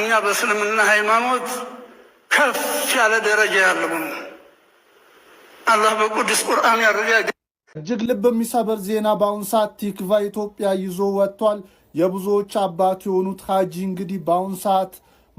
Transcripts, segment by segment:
እኛ በእስልምና ሃይማኖት ከፍ ያለ ደረጃ ያለው አላህ በቅዱስ ቁርአን ያረጋገ እጅግ ልብ የሚሰበር ዜና በአሁን ሰዓት ቲክቫ ኢትዮጵያ ይዞ ወጥቷል። የብዙዎች አባት የሆኑት ሀጂ እንግዲህ በአሁን ሰዓት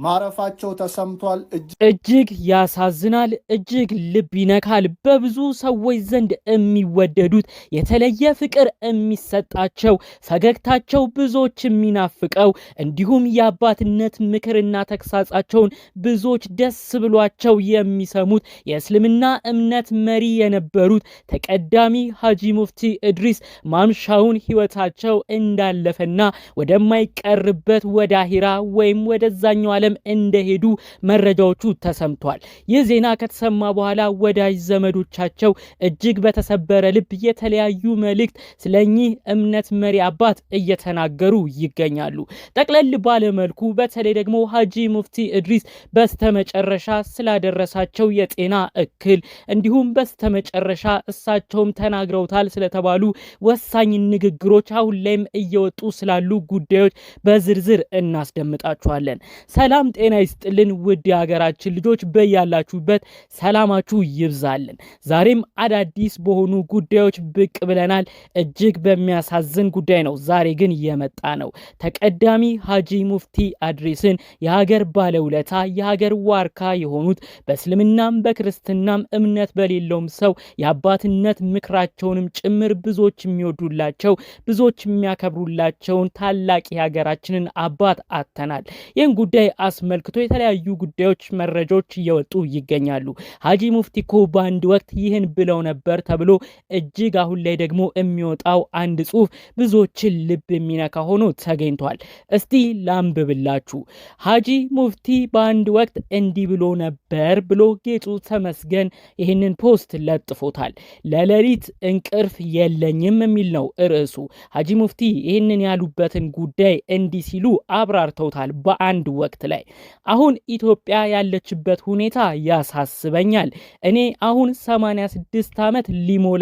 ማረፋቸው ተሰምቷል። እጅግ ያሳዝናል። እጅግ ልብ ይነካል። በብዙ ሰዎች ዘንድ የሚወደዱት የተለየ ፍቅር የሚሰጣቸው ፈገግታቸው ብዙዎች የሚናፍቀው እንዲሁም የአባትነት ምክርና ተግሳጻቸውን ብዙዎች ደስ ብሏቸው የሚሰሙት የእስልምና እምነት መሪ የነበሩት ተቀዳሚ ሀጂ ሙፍቲ እድሪስ ማምሻውን ህይወታቸው እንዳለፈና ወደማይቀርበት ወደ አሂራ ወይም ወደዛኛው ዓለም ዓለም እንደሄዱ መረጃዎቹ ተሰምቷል። ይህ ዜና ከተሰማ በኋላ ወዳጅ ዘመዶቻቸው እጅግ በተሰበረ ልብ የተለያዩ መልእክት ስለ እኚህ እምነት መሪ አባት እየተናገሩ ይገኛሉ። ጠቅለል ባለመልኩ በተለይ ደግሞ ሀጂ ሙፍቲ እድሪስ በስተመጨረሻ ስላደረሳቸው የጤና እክል እንዲሁም በስተመጨረሻ እሳቸውም ተናግረውታል ስለተባሉ ወሳኝ ንግግሮች አሁን ላይም እየወጡ ስላሉ ጉዳዮች በዝርዝር እናስደምጣችኋለን። ሰላም ሰላም ጤና ይስጥልን ውድ የሀገራችን ልጆች በያላችሁበት ሰላማችሁ ይብዛልን። ዛሬም አዳዲስ በሆኑ ጉዳዮች ብቅ ብለናል። እጅግ በሚያሳዝን ጉዳይ ነው ዛሬ ግን የመጣ ነው። ተቀዳሚ ሀጂ ሙፍቲ አድሪስን የሀገር ባለውለታ የሀገር ዋርካ የሆኑት በእስልምናም በክርስትናም እምነት በሌለውም ሰው የአባትነት ምክራቸውንም ጭምር ብዙዎች የሚወዱላቸው ብዙዎች የሚያከብሩላቸውን ታላቅ የሀገራችንን አባት አተናል። ይህን ጉዳይ አስመልክቶ የተለያዩ ጉዳዮች መረጃዎች እየወጡ ይገኛሉ። ሀጂ ሙፍቲ እኮ በአንድ ወቅት ይህን ብለው ነበር ተብሎ እጅግ አሁን ላይ ደግሞ የሚወጣው አንድ ጽሁፍ ብዙዎችን ልብ የሚነካ ሆኖ ተገኝቷል። እስቲ ላንብብላችሁ። ሀጂ ሙፍቲ በአንድ ወቅት እንዲህ ብሎ ነበር ብሎ ጌጹ ተመስገን ይህንን ፖስት ለጥፎታል። ለሌሊት እንቅልፍ የለኝም የሚል ነው ርዕሱ። ሀጂ ሙፍቲ ይህንን ያሉበትን ጉዳይ እንዲህ ሲሉ አብራርተውታል። በአንድ ወቅት ላይ አሁን ኢትዮጵያ ያለችበት ሁኔታ ያሳስበኛል። እኔ አሁን 86 ዓመት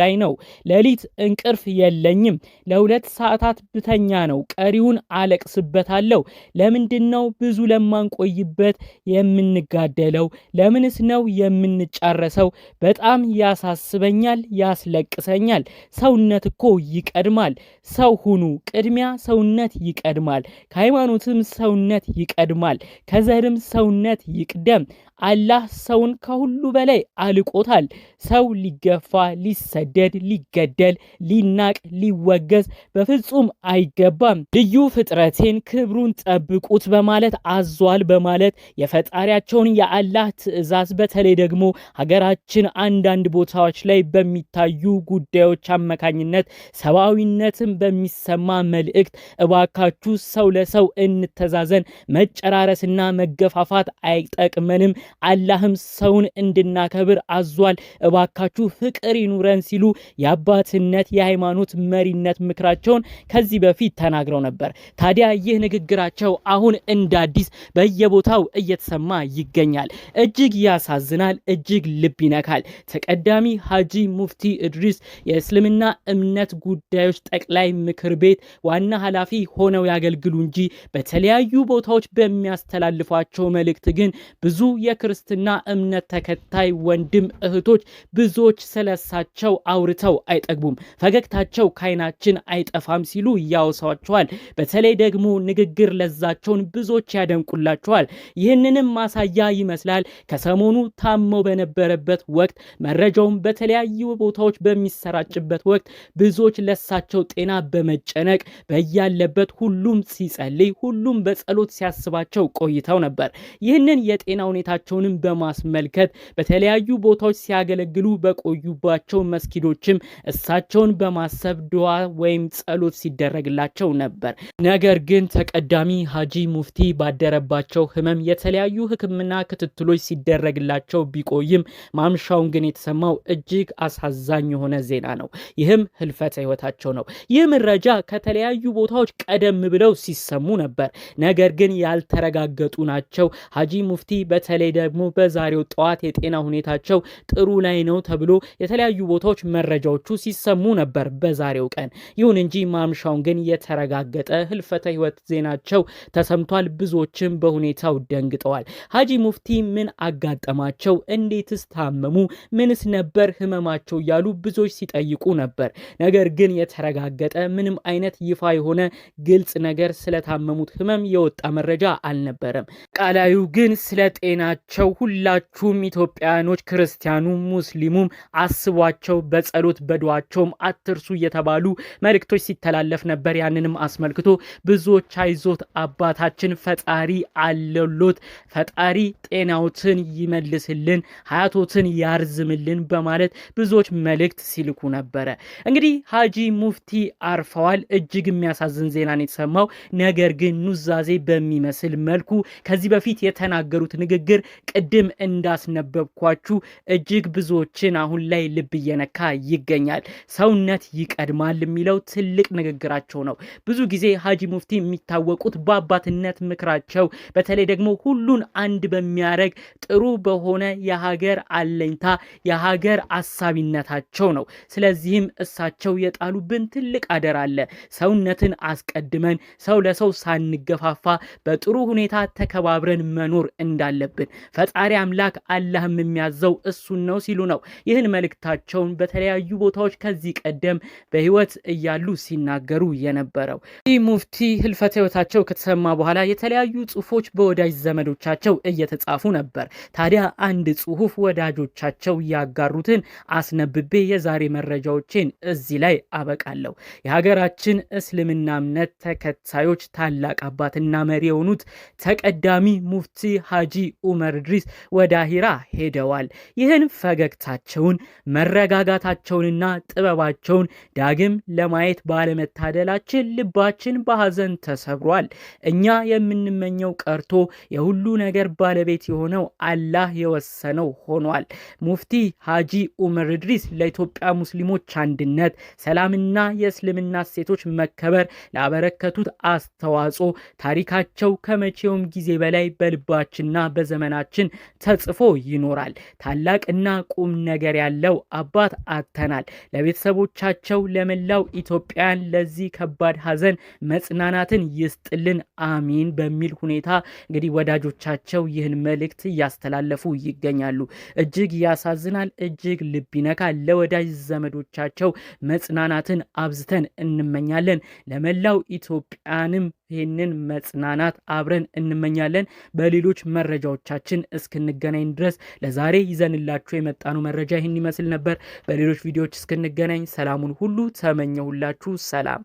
ላይ ነው። ሌሊት እንቅልፍ የለኝም። ለሁለት ሰዓታት ብተኛ ነው ቀሪውን አለቅስበታለሁ። ለምንድን ነው ብዙ ለማንቆይበት የምንጋደለው? ለምንስ ነው የምንጫረሰው? በጣም ያሳስበኛል፣ ያስለቅሰኛል። ሰውነት እኮ ይቀድማል። ሰው ሁኑ። ቅድሚያ ሰውነት ይቀድማል። ከሃይማኖትም ሰውነት ይቀድማል። ከዘርም ሰውነት ይቅደም አላህ ሰውን ከሁሉ በላይ አልቆታል። ሰው ሊገፋ፣ ሊሰደድ፣ ሊገደል፣ ሊናቅ፣ ሊወገዝ በፍጹም አይገባም። ልዩ ፍጥረቴን ክብሩን ጠብቁት በማለት አዟል በማለት የፈጣሪያቸውን የአላህ ትዕዛዝ በተለይ ደግሞ ሀገራችን አንዳንድ ቦታዎች ላይ በሚታዩ ጉዳዮች አማካኝነት ሰብአዊነትን በሚሰማ መልእክት እባካችሁ ሰው ለሰው እንተዛዘን፣ መጨራረስና መገፋፋት አይጠቅመንም አላህም ሰውን እንድናከብር አዟል። እባካችሁ ፍቅር ይኑረን ሲሉ የአባትነት የሃይማኖት መሪነት ምክራቸውን ከዚህ በፊት ተናግረው ነበር። ታዲያ ይህ ንግግራቸው አሁን እንደ አዲስ በየቦታው እየተሰማ ይገኛል። እጅግ ያሳዝናል፣ እጅግ ልብ ይነካል። ተቀዳሚ ሀጂ ሙፍቲ እድሪስ የእስልምና እምነት ጉዳዮች ጠቅላይ ምክር ቤት ዋና ኃላፊ ሆነው ያገልግሉ እንጂ በተለያዩ ቦታዎች በሚያስተላልፏቸው መልእክት ግን ብዙ ክርስትና እምነት ተከታይ ወንድም እህቶች ብዙዎች ስለሳቸው አውርተው አይጠግቡም። ፈገግታቸው ከዓይናችን አይጠፋም ሲሉ ያውሳቸዋል። በተለይ ደግሞ ንግግር ለዛቸውን ብዙዎች ያደንቁላቸዋል። ይህንንም ማሳያ ይመስላል ከሰሞኑ ታመው በነበረበት ወቅት መረጃውም በተለያዩ ቦታዎች በሚሰራጭበት ወቅት ብዙዎች ለሳቸው ጤና በመጨነቅ በያለበት ሁሉም ሲጸልይ፣ ሁሉም በጸሎት ሲያስባቸው ቆይተው ነበር። ይህንን የጤና ሁኔታ መሆናቸውንም በማስመልከት በተለያዩ ቦታዎች ሲያገለግሉ በቆዩባቸው መስጊዶችም እሳቸውን በማሰብ ድዋ ወይም ጸሎት ሲደረግላቸው ነበር። ነገር ግን ተቀዳሚ ሀጂ ሙፍቲ ባደረባቸው ህመም የተለያዩ ሕክምና ክትትሎች ሲደረግላቸው ቢቆይም ማምሻውን ግን የተሰማው እጅግ አሳዛኝ የሆነ ዜና ነው። ይህም ህልፈተ ህይወታቸው ነው። ይህ መረጃ ከተለያዩ ቦታዎች ቀደም ብለው ሲሰሙ ነበር፣ ነገር ግን ያልተረጋገጡ ናቸው። ሀጂ ሙፍቲ በተለይ ደግሞ በዛሬው ጠዋት የጤና ሁኔታቸው ጥሩ ላይ ነው ተብሎ የተለያዩ ቦታዎች መረጃዎቹ ሲሰሙ ነበር በዛሬው ቀን። ይሁን እንጂ ማምሻውን ግን የተረጋገጠ ህልፈተ ህይወት ዜናቸው ተሰምቷል። ብዙዎችም በሁኔታው ደንግጠዋል። ሀጂ ሙፍቲ ምን አጋጠማቸው? እንዴትስ ታመሙ? ምንስ ነበር ህመማቸው? እያሉ ብዙዎች ሲጠይቁ ነበር። ነገር ግን የተረጋገጠ ምንም አይነት ይፋ የሆነ ግልጽ ነገር ስለታመሙት ህመም የወጣ መረጃ አልነበረም። ቃላዩ ግን ስለ ጤናቸው ናቸው። ሁላችሁም ኢትዮጵያውያኖች ክርስቲያኑ ሙስሊሙም አስቧቸው፣ በጸሎት በዱዓቸውም አትርሱ እየተባሉ መልእክቶች ሲተላለፍ ነበር። ያንንም አስመልክቶ ብዙዎች አይዞት አባታችን ፈጣሪ አለሎት ፈጣሪ ጤናዎትን ይመልስልን፣ ሀያቶትን ያርዝምልን በማለት ብዙዎች መልእክት ሲልኩ ነበረ። እንግዲህ ሀጂ ሙፍቲ አርፈዋል። እጅግ የሚያሳዝን ዜናን የተሰማው ነገር ግን ኑዛዜ በሚመስል መልኩ ከዚህ በፊት የተናገሩት ንግግር ቅድም እንዳስነበብኳችሁ እጅግ ብዙዎችን አሁን ላይ ልብ እየነካ ይገኛል። ሰውነት ይቀድማል የሚለው ትልቅ ንግግራቸው ነው። ብዙ ጊዜ ሀጂ ሙፍቲ የሚታወቁት በአባትነት ምክራቸው፣ በተለይ ደግሞ ሁሉን አንድ በሚያደርግ ጥሩ በሆነ የሀገር አለኝታ የሀገር አሳቢነታቸው ነው። ስለዚህም እሳቸው የጣሉብን ትልቅ አደራ አለ። ሰውነትን አስቀድመን ሰው ለሰው ሳንገፋፋ በጥሩ ሁኔታ ተከባብረን መኖር እንዳለብን ፈጣሪ አምላክ አላህም የሚያዘው እሱን ነው ሲሉ ነው ይህን መልእክታቸውን በተለያዩ ቦታዎች ከዚህ ቀደም በህይወት እያሉ ሲናገሩ የነበረው። ይህ ሙፍቲ ህልፈተ ህይወታቸው ከተሰማ በኋላ የተለያዩ ጽሁፎች በወዳጅ ዘመዶቻቸው እየተጻፉ ነበር። ታዲያ አንድ ጽሁፍ ወዳጆቻቸው ያጋሩትን አስነብቤ የዛሬ መረጃዎችን እዚህ ላይ አበቃለሁ። የሀገራችን እስልምና እምነት ተከታዮች ታላቅ አባትና መሪ የሆኑት ተቀዳሚ ሙፍቲ ሀጂ ኡመር ኡመር ድሪስ ወደ አሂራ ሄደዋል። ይህን ፈገግታቸውን መረጋጋታቸውንና ጥበባቸውን ዳግም ለማየት ባለመታደላችን ልባችን በሐዘን ተሰብሯል። እኛ የምንመኘው ቀርቶ የሁሉ ነገር ባለቤት የሆነው አላህ የወሰነው ሆኗል። ሙፍቲ ሀጂ ኡመር ድሪስ ለኢትዮጵያ ሙስሊሞች አንድነት፣ ሰላምና የእስልምና እሴቶች መከበር ላበረከቱት አስተዋጽኦ ታሪካቸው ከመቼውም ጊዜ በላይ በልባችንና በዘመና በጎናችን ተጽፎ ይኖራል። ታላቅና ቁም ነገር ያለው አባት አጥተናል። ለቤተሰቦቻቸው፣ ለመላው ኢትዮጵያን ለዚህ ከባድ ሀዘን መጽናናትን ይስጥልን አሚን በሚል ሁኔታ እንግዲህ ወዳጆቻቸው ይህን መልእክት እያስተላለፉ ይገኛሉ። እጅግ ያሳዝናል፣ እጅግ ልብ ይነካል። ለወዳጅ ዘመዶቻቸው መጽናናትን አብዝተን እንመኛለን። ለመላው ኢትዮጵያንም ይህንን መጽናናት አብረን እንመኛለን። በሌሎች መረጃዎቻችን እስክንገናኝ ድረስ ለዛሬ ይዘንላችሁ የመጣነው መረጃ ይህን ይመስል ነበር። በሌሎች ቪዲዮዎች እስክንገናኝ ሰላሙን ሁሉ ተመኘሁላችሁ። ሰላም